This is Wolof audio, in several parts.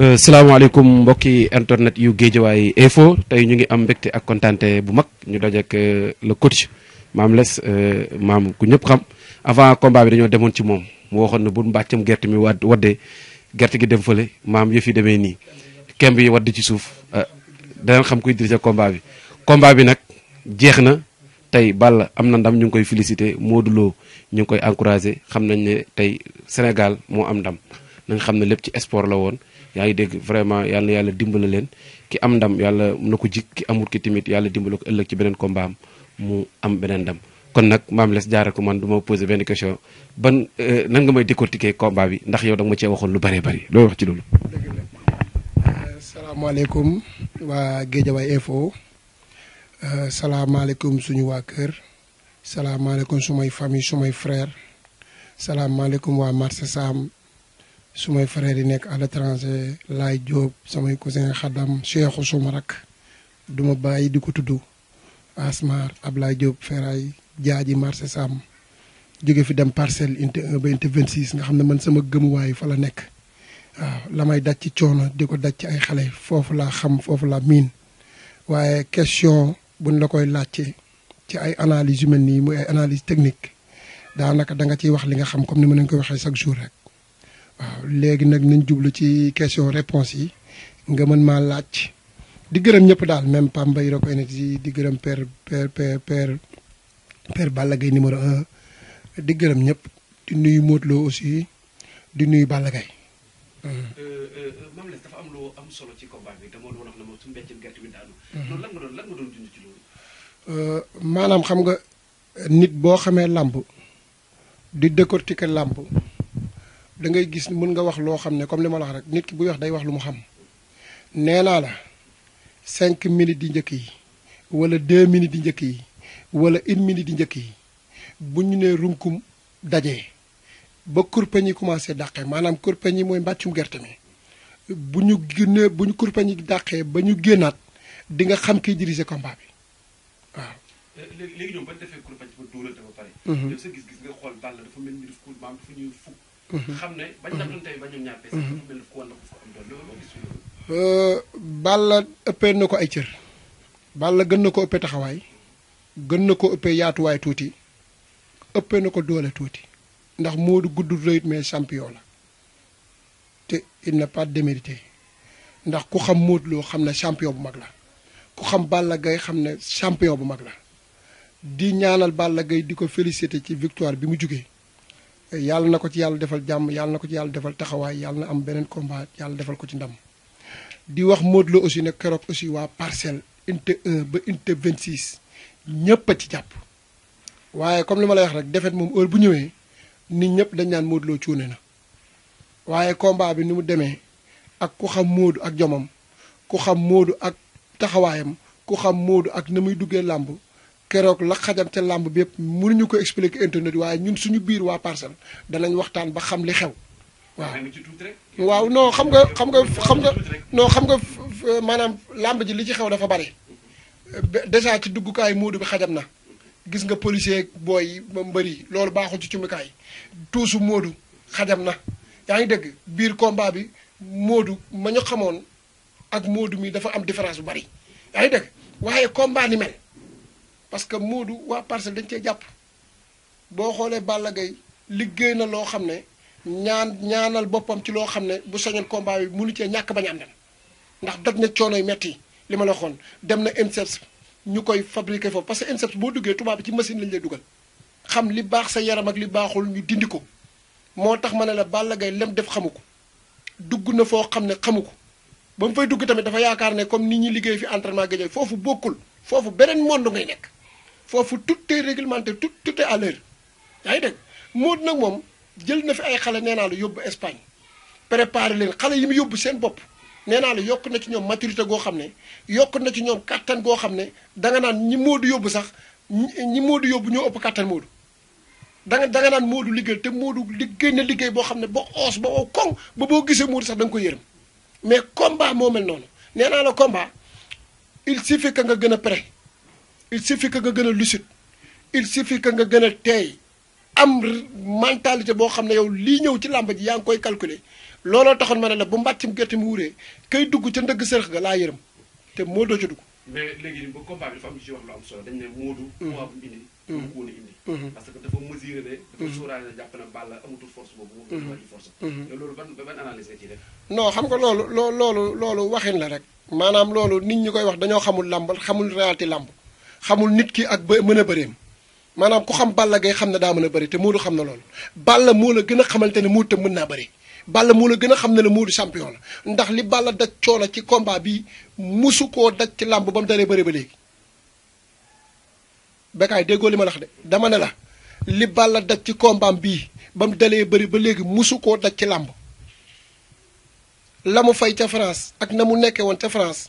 Euh, salaamaaleykum mbokki internet yu Géejawaay info tey ñu ngi am mbégte ak kontante bu mag ñu dajeek euh, le coach Mame Less euh, maam ku ñëpp xam avant combat bi dañoo demoon ci moom mu waxoon na bu mbàccam gerte mi wad waddee gerte gi dem fële maam yëf yi demee nii kemb yi wadd ci suuf danañ xam kuy diriger combat bi combat bi nag jeex na tey Balla am na ndam ñu ngi koy félicité Modou Lo ñu ngi koy encouragé xam nañ ne tey Sénégal moo am ndam nañ xam ne lépp ci sport la woon yaa ngi dégg vraiment yàlla na yàlla dimbala leen ki am ndam yàlla na ko jikk ki amut ki tamit yàlla dimbala ko ëllëg ci beneen combat am mu am beneen ndam kon nag maam les jaare ko man du ma posé benn question ban euh, nan nga may décortiquer combat bi ndax yow da ma cee waxoon lu bëree bëri loolu wax ci loolu. Euh, salaamaaleykum waa Guédiawaye info euh, salaamaaleykum suñu waa kër salaamaaleykum sumay famille sumay frère salaamaaleykum waa marché Sam sumay frère yi nek à l'étranger lay job samay cousin khadam cheikh soumarak duma bayyi diko tuddu asmar ablay job feray jaaji marché sam jóge fi dem parcelle inte 1 ba 26 nga xam man sama way fa la nek ah lamay dacc daj ci coono di ko ci ay xalé fofu la xam fofu la min waye question buñ la koy laajte ci ay analyse humaine ni muy ay analyse technique naka da nga ci wax li nga xam comme ni ma leen ko waxe chaque jour rek waaw léegi nag nañ jublu ci question réponse yi nga mën maa laaj di gërëm ñëpp daal même Pam Mbaye da ci di gërëm père père père père père Balla Gaye numéro un di gërëm ñëpp di nuyu Modou Lo aussi di nuyu Balla Gaye. Euh, euh, hmm. euh, Mame Less am lu am solo ci combat bi dama hmm. doon wax ne maanaam xam nga nit boo xamee làmp di décortiquer làmp da ngay gis mën nga wax loo xam ne comme li ma la wax rek nit ki buy wax day wax lu mu xam nee naa la cinq minutes di njëkk yi wala deux minutes di njëkk yi wala une di njëkk bu ñu nee runkum dajee ba kurpeñ yi commencé dàqee maanaam kurpeñ mooy mbàccum gerte mi bu ñu génnee bu ñu kurpeñ yi dàqee ba ñu génnaat di nga xam kiy diriger combat bi waaw. léegi ñoom ba mhm. sa gis-gis xam ne bañ la doon tey mhm. na ko fa am doon loolu euh, ëppee na ko ay cër. Balla gën na ko ëppee taxawaay. gën na ko ëppee yaatuwaay tuuti. ëppee na ko doole tuuti. ndax Modou gudd rëyut mais champion la. te il n'a pas démérité ndax ku xam Modou loo xam ne champion bu mag la. ku xam Balla gay xam ne champion bu mag la. di ñaanal Balla Gaye di ko féliciter ci victoire bi mu jógee yàlla na ko ci yàlla defal jàmm yàlla na ko ci yàlla defal taxawaay yàlla na am beneen combat yàlla defal ko ci ndam di wax Modou Lo aussi ne keroog aussi waa parcelle unité 1 ba unité 26 ñëpp a ci jàpp waaye comme li ma lay wax rek moom heure bu ñëwee nit ñëpp dañ naan Modou Lo cuune na waaye combat bi ni mu demee ak ku xam Modou ak jomam ku xam moodu ak taxawaayam ku xam moodu ak na muy duggee làmb keroog la xajam ca làmb bi yëpp ñu ko expliquer internet waaye ñun suñu biir waa parcelle danañ waxtaan ba xam li xew waaw. waaw non xam nga xam nga xam nga non xam nga maanaam làmb ji li ci xew dafa bari déjà ci duggukaay Moodu bi xajam na gis nga policier booy yi ba mbëri loolu baaxul ci cumbukaay tuusu Moodu xajam na yaa ngi dégg biir combat bi Moodu ma ñu xamoon ak Moodu mi dafa am différence bu bari yaa ngi dégg waaye combat ni mel. parce que Modou waa parcelle dañ cee jàpp boo xoolee Balla Gaye liggéey na loo xam ne ñaan ñaanal boppam ci loo xam ne bu sañoon combat bi mënu cee ñàkk bañ am dem ndax daj na coono yu metti li ma la waxoon dem na INSEPS ñu koy fabriqué foofu parce que INSEPS boo duggee tubaab bi ci machine lañ lay dugal xam li baax sa yaram ak li baaxul ñu dindi ko moo tax ma ne la Balla gay lem def xamu ko dugg na foo xam ne xamu ko ba mu fay dugg tamit dafa yaakaar ne comme nit ñi liggéey fi entraînement géej foofu bokkul foofu beneen monde ngay nekk. foofu tout est réglementé tout tout est à l'heure yaa ngi dégg Modou nag moom jël na fi ay xale nee naa la yóbbu Espagne préparé leen xale yi mu yóbbu seen bopp nee naa la yokk na ci ñoom maturité goo xam ne yokk na ci ñoom kàttan goo xam ne danga naan ñi Modou yóbbu sax ñi Modou yóbbu ñoo ëpp kàttan kattan Modou. danga danga naan Modou liggéey te Modou liggéey na liggéey boo xam ne ba oos ba oo koŋ ba boo gisee Modou sax da nga ko yërëm mais komba moo mel noonu nee naa la combat il suffit que nga gën a prêt il suffit que nga gën a lucide nga gën a teey am mentalité boo xam ne yow lii ñëw ci làmb ji yaa ngi koy calculer looloo taxoon ma ne la bu mbàccum gerte mu wuree kay dugg ca ndëgg sërëx ga laa yërëm te moo doo ca dugg. mais léegi bu combat bi dafa am wax lu am solo dañ ne Modou. ko mm. mm. woon mm-hmm. parce que dafa mesuré ne. dafa mm-hmm. sóoraale amatul force boobu. mu amatul mm-hmm. force. te loolu ban ban analyse la xam nga loolu loo loolu loolu waxin la rek. maanaam loolu nit ñi koy wax dañoo xamul làmb xamul réalité làmb. xamul nit ki ak mën a bëreem maanaam ku xam Balla Gaye xam ne daa mën a bëri te Modou xam na loolu Balla moo la gën a xamante ne Modou tam mën naa bëri Balla moo la gën a xam ne la Modou la ndax li Balla daj coono ci combat bi musu koo daj ci làmb ba mu dalee bëri ba léegi Bécaye déggoo li ma la de dama ne la li Balla daj ci combat bii ba mu dalee bëri ba léegi musu koo daj ci làmb la mu fay ca France ak na mu nekkee woon ca France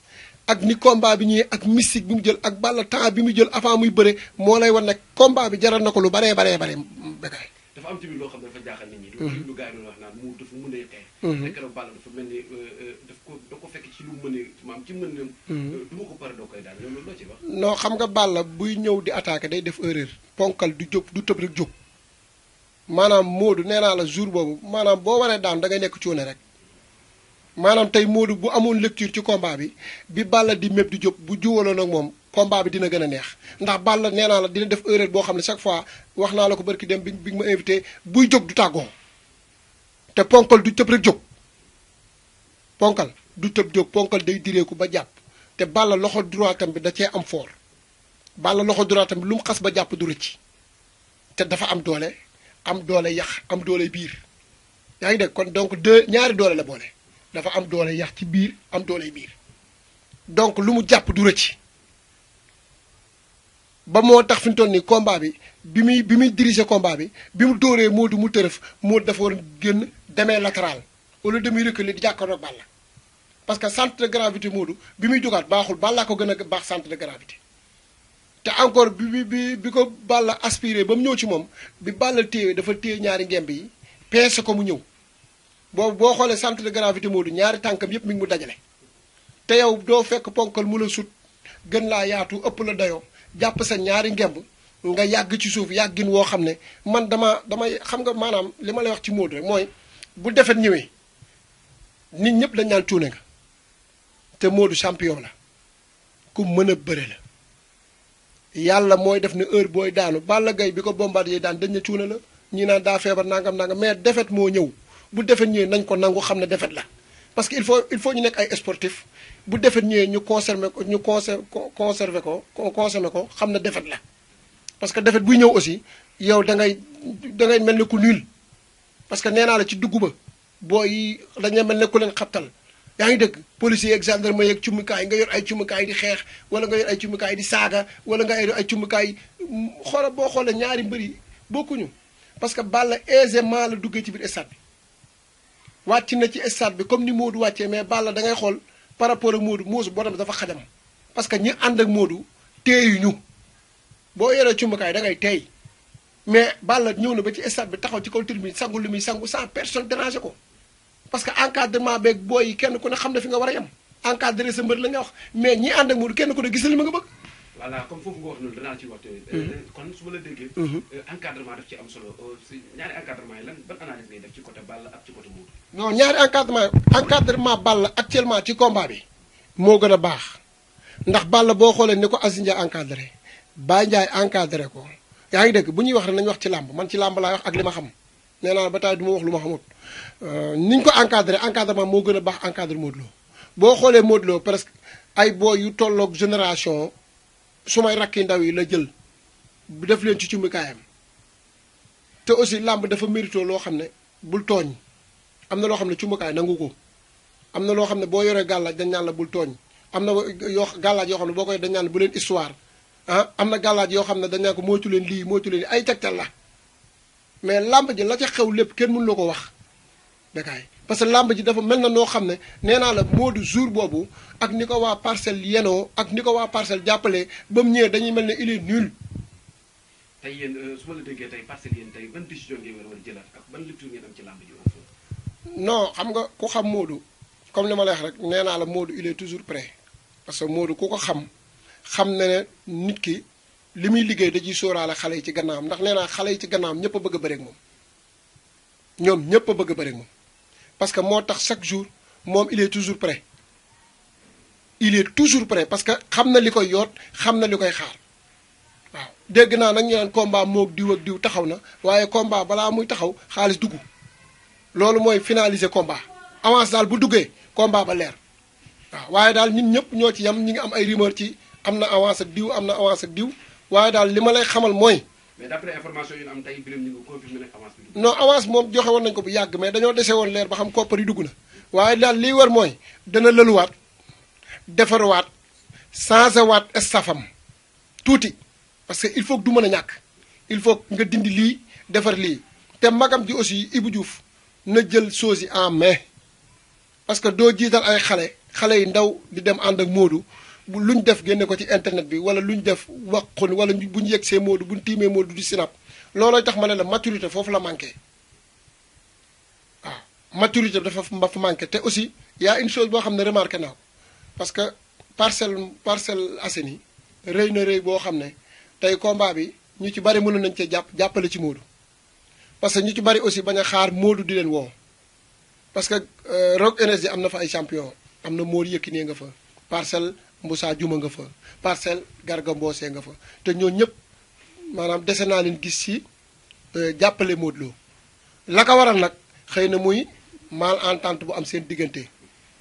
ak ni combat bi ñëwee ak mystique bi mu jël ak Balla temps bi mu jël avant muy bëre moo lay wan ne combat bi jaral na ko lu baree baree baree Bécaye. dafa am tamit loo xam ne dafa jaaxal nit mhm. lu gars yi naan mu dafa mën a xeex. Mhm. te keroog Balla euh, euh, ko da ko fekk ci lu na. Mhm. Euh, du ma ko pare doo xam nga Balla buy ñëw di attaqué day def erreur. ponkal du jóg du tëb rek jóg maanaam Modou nee naa la jour boobu maanaam boo waree daan dangay nekk cuune rek. manam tay Modou bu amone lecture ci combat bi bi Balla di meb di job bu juwaloon ak mom combat bi dina gëna neex ndax Balla neena la dina def erreur bo xam chaque fois waxna naa la ko barki dem bi ma invité bu job du tago te ponkal du tëb rek job ponkal du tëb job ponkal day ko ba japp te Balla loxo tam bi da ci am fort Balla loxo tam bi lu mu ba japp du rëcc te dafa am doole am doole yah am doole bir yaay de kon donc deux ñaari doole la boole dafa am doole yax ci biir am doole donc lu mu jàpp du ba moo tax fi mu combat bi bi muy bi muy diriger combat bi bi mu dóoree Modou mu tërëf Modou dafa latéral au lieu de muy reculer di ak Balla parce que centre de gravité Modou bi a centre de gravité te encore bi bi bi ko Balla ci bi ñaari ngemb boobu boo xoolee centre de gravité Modou ñaari tànkam yépp mi mu dajale te yow doo fekk ponkal mu la sut gën laa yaatu ëpp la dayoo jàpp sa ñaari ngemb nga yàgg ci suuf yàggin woo xam ne man dama damay xam nga maanaam li ma lay wax ci Modou rek mooy bu defet ñëwee nit ñëpp dañ naan cuune nga te Modou champion la ku mën a bëre la yàlla mooy def ne heure booy daanu Balla Gaye bi ko Bombardier daan dañ na cuune la ñi naan daa feebar nangam nangam mais defet moo ñëw bu defet ñëwee nañ ko nangu xam ne defet la parce que il faut il faut ñu nekk ay sportif bu defet ñëwee ñu conserver ko ñu conserver ko consommer ko xam ne defet la parce que defet buy ñëw aussi yow da ngay da ngay mel ne ku nul parce que nee naa la ci dugg ba boo yi dañuy mel ne ku leen xabtal yaa ngi dëgg policier gendarme yeeg cumukaay nga yor ay cumukaay di xeex wala nga yor ay cumukaay di saaga wala nga yor ay cumukaay mm, xoola boo xoolee ñaari mbër yi bokkuñu parce que Balla aisément la duggee ci biir stade bi wàcc na ci stade bi comme ni moo Modou wàccee mais Balla da ngay xool par rapport ak Modou Moosu borom dafa xajam parce que ñi ànd ak Modou teeyuñu boo yoree cumbukaay da ngay teey mais Balla ñëw na ba ci stade bi taxaw ci kaw tribune sangu lu muy sangu sans personne déranger ko parce que encadrement beeg booy kenn ku ne xam ne fi nga war a yem encadré sa mbër la nga wax mais ñi ànd ak Modou kenn ku ne gis li ma nga bëgg. voilà comme foofu nga danaa ci wax euh, mhm. kon su la déggee. Mhm. Euh, encadrement daf ci am solo euh, si ñaari encadrement ci côté Balla ak ci côté Modou. non ñaari encadrement encadrement Balla actuellement ci combat bi moo gën a baax ndax Balla boo xoolee ni ko Aziz Ndiaye encadré Baye Ndiaye ko yaa ngi dégg bu ñuy wax rek nañu wax ci làmb man ci làmb laay wax ak li ma xam nee naa ba tey du ma wax lu ma xamut ni ñu ko encadré encadrement moo gën a baax encadré Modou Lo boo xoolee Modou Lo que ay booy yu tolloog génération. su may rakki ndaw yi la jël def leen ci cumbukaayam te aussi làmb dafa mérito loo xam ne bul tooñ am na loo xam ne cumbukaay nangu ko am na loo xam ne boo yoree gàllaaj dañ naan la bul tooñ am na yoo gàllaaj yoo xam ne boo koy dañ naan bu leen histoire ah am na gàllaaj yoo xam ne dañ naan ko moytu leen lii moytu leen ay tegtal la mais làmb ji la ca xew lépp kenn mënu la ko wax Bécaye parce que làmb ji dafa mel na noo xam ne nee naa la moo di jour boobu ak ni ko waa parcelle yenoo ak ni ko waa parcelle jàppale ba ñëwee dañuy mel ne il est nul. tey yéen euh, su ma la déggee tey yéen tey ban décision ngeen war a jëlaat ak ban lecture ngeen non xam nga ku xam Modou comme li ma la wax rek nee naa la Modou il est toujours prêt parce que Modou ku ko xam xam na ne nit ki li muy liggéey da ciy sóoraale xale yi ci am ndax nee naa xale yi ci gannaam ñëpp a bëgg a bëreeg moom ñoom ñëpp a bëgg a bëreeg moom. parce que motax chaque jour mom il est toujours prêt il est toujours prêt parce que xamna likoy yott xamna likoy xaar waaw dégg na nak ñaan combat moog diw ak diw taxaw na waaye combat bala muy taxaw xaliss duggu lolu moy finaliser combat avance dal bu duggee combat ba leer waaw waye dal ñin ñep ñoo ci yam ñi ngi am ay rumeur ci am avance ak diw amna avance ak diw waye dal lima lay xamal moy mais d'après information yu am tey Birame avance moom joxe woon nañu ko bu yàgg mais dañoo dese woon leer ba xam koppar yi dugg na waaye daal liy war mooy dana lëluwaat defarwaat changé waat estafam tuuti parce que il faut du mën a ñàkk il faut nga dindi lii defar lii te magam ji aussi Ibou Diouf na jël choses yi en main parce que doo jiital ay xale xale yi ndaw di dem ànd ak Modou. lu ñu def génne ko ci internet bi wala ñu def wax waqun wala buñ yegg see moodu buñ tiimee moodu di sinap loolooy tax ma ne la maturité foofu la manqué waaw maturité dafa fa manqué te aussi y a une chose boo xam ne remarqué naa ko parce que parcelle parcelle Assainies rëy na rëy boo xam ne tey combat bi ñu ci bari mënoon nañ cee jàpp jàppale ci moodu parce que ñu ci bari aussi ba nga xaar moodu di leen woo parce que euh, Rock Énergie am na fa ay champion am na Modou Yékini nga fa parcelle Moussa Juma nga fa parcelle Garga Mbossé nga fa te ñoo ñëpp maanaam dese naa leen gis ci euh, jàppale Modou Lo la ko waral nag xëy na muy malentente bu am seen diggante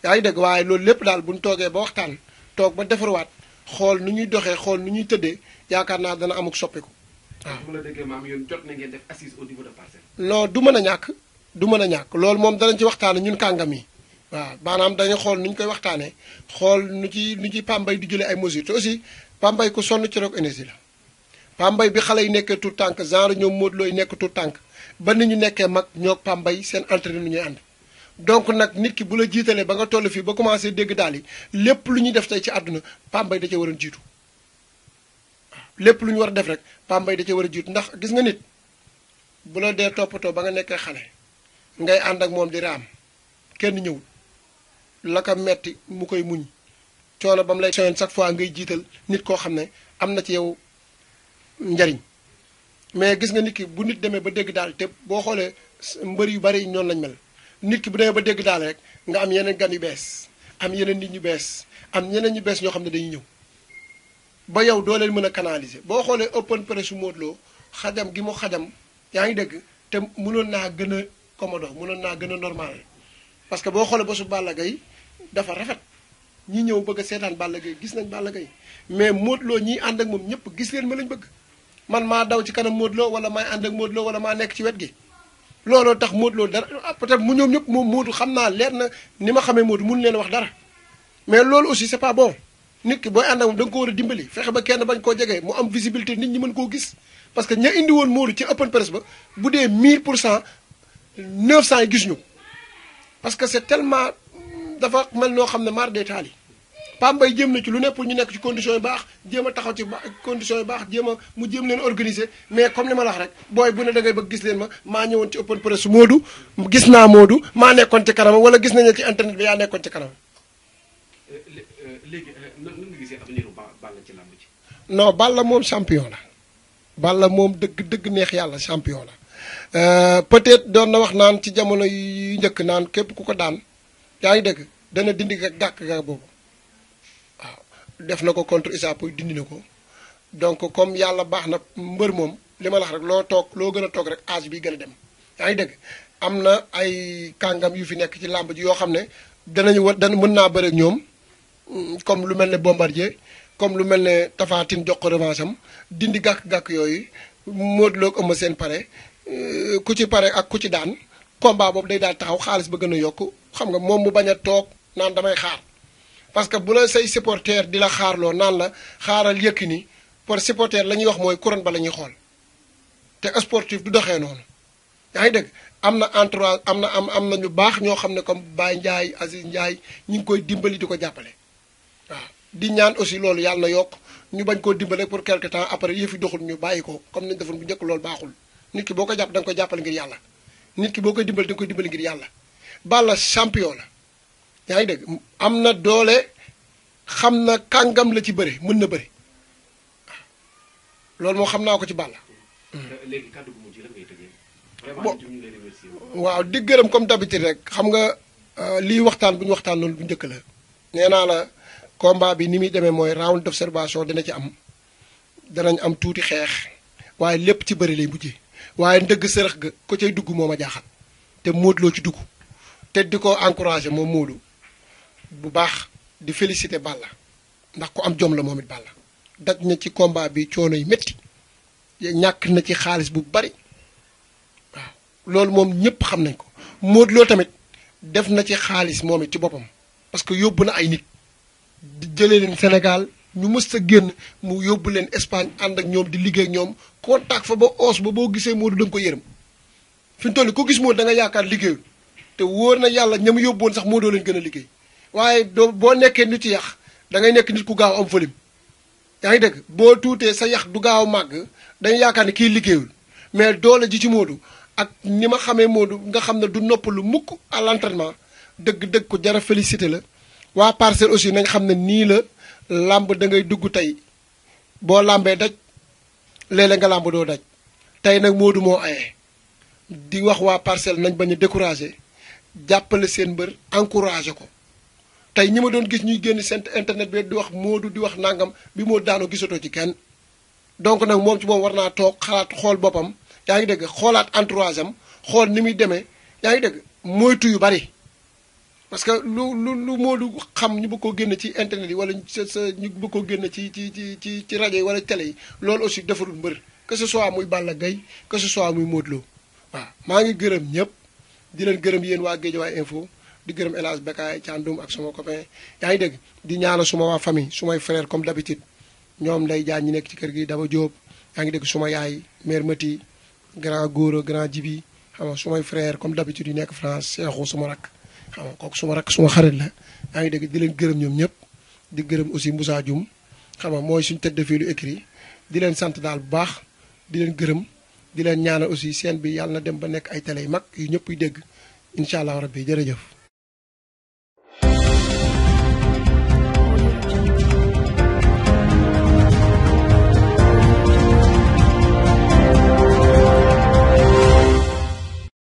yaa ngi dégg waaye loolu lépp daal bu ñu toogee ba waxtaan toog ba defarwaat xool nu ñuy doxee xool nu ñuy tëddee yaakaar naa dana amuk soppeeku waaw. bu la déggee maam yéen jot na ngeen def assise au niveau du mën a ñàkk du mën a ñàkk loolu moom danañ ci waxtaan ñun kàngam yi. waaw maanaam dañu xool nu ñu koy waxtaanee xool nu ci nu ci pambay di jëlee ay mesures te aussi pambay ku sonn ci rock la pambay bi xale yi nekkee tout tànk genre ñoom Modou looy yi nekk tout tànk ba ni ñu nekkee mag ñoo pambay seen entraîné lu ñuy ànd donc nag nit ki bu la jiitalee ba nga toll fii ba commencé dégg daal yi lépp lu ñuy def tey ci àdduna pambay da ca war a jiitu lépp lu ñu war a def rek pambay da ca war a jiitu ndax gis nga nit bu la dee toppatoo ba nga nekkee xale ngay ànd ak moom di raam kenn ñëwul la ko metti mu koy muñ coono ba mu lay soñoon chaque fois ngay jiital nit koo xam ne am na ci yow njariñ mais gis nga nit ki bu nit demee ba dégg daal te boo xoolee mbër yu bari ñoon lañ mel nit ki bu demee ba dégg daal rek nga am yeneen gan yu bees am yeneen nit ñu bees am yeneen ñu bees ñoo xam ne dañuy ñëw ba yow doo leen mën a canaliser boo xoolee open press su Modou Lo xajam gi mu xajam yaa ngi dégg te mënoon naa gën a commodo mënoon naa gën a normal parce que boo xoolee ba su Balla Gaye dafa rafet ñi ñëw bëgg a seetaan Balla gi gis nañ Balla Gaye mais Modou Lo ñiy ànd ak moom ñëpp gis leen ma lañ bëgg man maa daw ci kanam Modou Lo wala maay ànd ak Modou Lo wala maa nekk ci wet gi looloo tax Modou Lo dara ah peut-être mu ñëw ñëpp moom mootu xam naa leer na ni ma xamee Modou mun leen wax dara mais loolu aussi c'est pas bon nit ki booy ànd ak moom da ko war a dimbali fexe ba kenn bañ koo jege mu am visibilité nit ñi mën koo gis parce que ña indi woon Modou ci open press bu dee 1000 pour cent 900 yi gis ñu dafa mel noo xam ne mar day taal yi jëm na ci lu ne ñu nekk ci condition yu baax jéem a taxaw condition yu baax jéem a mu jéem leen organiser mais comme ni ma la rek booy bu ne da ba gis leen ma maa ñëwoon ci open press Modou gis naa Modou maa nekkoon ci kanama wala gis nañu ci internet bi yaa nekkoon ci kanam. Euh, euh, léegi euh, nan nga moom champion la Balla moom dëgg dëgg neex yàlla champion la peut-être doon na wax naan ci jamono yi njëkk naan képp ku ko daan yaa ngi dëgg dana dindi gàkk ga boobu waaw def na ko contre Issa Pouye dindi na ko donc comme yàlla baax na mbër moom li ma la wax loo toog loo gën a toog rek âge bi gën a dem yaa ngi dégg am na ay kàngam yu fi nekk ci làmb yoo xam ne danañu war dana mën naa bëre ñoom mm, comme lu mel ne bombardier comme lu mel ne Tapha Tine dindi gàkk-gàkk yooyu Modou Lo ëmb seen pare euh, ku ci pare ak ku ci daan combat boobu day daal taxaw xaalis ba gën a yokk xam nga moom mu bañ a toog naan damay xaar parce que bu la say supporter di la xaarloo naan la xaaral Yékini pour supporter la ñuy wax mooy couronne ba la ñuy xool te sportif du doxee noonu yaa ngi dégg am na entourage am na am am na ñu baax ñoo xam ne comme Baye Ndiaye Aziz Ndiaye ñu ngi koy dimbali di ko jàppale waaw di ñaan aussi loolu yàlla na yokk ñu bañ koo dimbale pour quelque temps après yëf yi doxul ñu bàyyi ko comme nañ defoon bu njëkk lool baaxul nit ki boo ko jàpp da nga koy jàppale yàlla nit ki boo koy dimbali da dimbali ngir yàlla Balla champion la yaa ngi dégg am na doole xam na kàngam la ci bëri mën na bëri loolu moo xam naa ko ci Balla. Mm. léegi waaw di gërëm comme d'habitude rek xam nga euh, lii waxtaan bu ñu waxtaan loolu bu njëkk la. nee naa la combat bi ni muy demee mooy round d'observation dina ci am danañ am tuuti xeex waaye lépp ci bëri lay mujjee waaye ndëgg sërëx ga ko cay dugg moo ma jaaxal te Modou Lo ci dugg te di ko encouragé moom Modou bu baax di féliciter Balla ndax ku am jom la moom it Balla daj na ci combat bi coono yi metti ñàkk na ci xaalis bu bari waaw loolu moom ñëpp xam nañ ko Modou Lo tamit def na ci xaalis moom it ci boppam parce que yóbbu na ay nit di jële leen senegal ñu mës a génn mu yóbbu leen Espagne ànd ak ñoom di liggéey ak ñoom contact fa ba oos ba boo gisee Modou da nga ko yërëm fi mu toll ko gis Modou da yaakaar liggéeyul te wóor na yàlla ñam yóbboon sax Modou leen gën a liggéey waaye doo boo nekkee nit yax da ngay nekk nit ku gaaw am volume yaa ngi dégg boo tuutee sa yax du gaaw màgg dañu yaakaar ne kii liggéeyul mais doole ji ci Modou ak ni ma xamee moodu nga xam ne du noppalu mukk à dëgg dëgg ko jara félicité la waa parcelle aussi nañ xam ne nii la làmb da ngay dugg tey boo làmbee daj léeg nga làmb doo daj tey nag moodu moo aye di wax waa parcelle nañ bañ a découragé jàppale seen mbër encouragé ko tey ñi ma doon gis ñuy génn seen internet bi di wax moodu di wax nangam bi moo daanoo gisatoo ci kenn donc nag moom ci moom war naa toog xalaat xool boppam yaa ngi dégg xoolaat entourage xool ni muy demee yaa ngi dégg moytu yu bari parce que lu lu lu xam ñu bëgg koo génn ci internet yi wala sa sa ñu bëgg koo génn ci ci ci ci ci rajo yi wala télé yi loolu aussi defarul mbër kese ce soit muy Balla Gaye que ce soit muy Modou Lo maa ngi gërëm ñëpp di leen gërëm yéen waa Guédiawaye info di gërëm elas bakaay ci andum ak sama copain yaa ngi dégg di ñaanal suma waa famille sumay frère comme d'habitude ñoom lay jaan ñi nekk ci kër gi dama jóob yaa ngi dégg suma yaay mère mati grand goro grand jibi xam nga sumay frère comme d'habitude yi nekk france seexu suma rak xam nga kooku suma rak suma xarit la yaa ngi dégg di leen gërëm ñoom ñëpp di gërëm aussi Moussa Dioum xam nga mooy suñu tëdd fii lu écrit di leen sant daal bu baax di leen gërëm di leen ñaanal aussi seen bi yàlla na dem ba nekk ay télé yu mag yu ñëpp yi dégg incha rabbi jërëjëf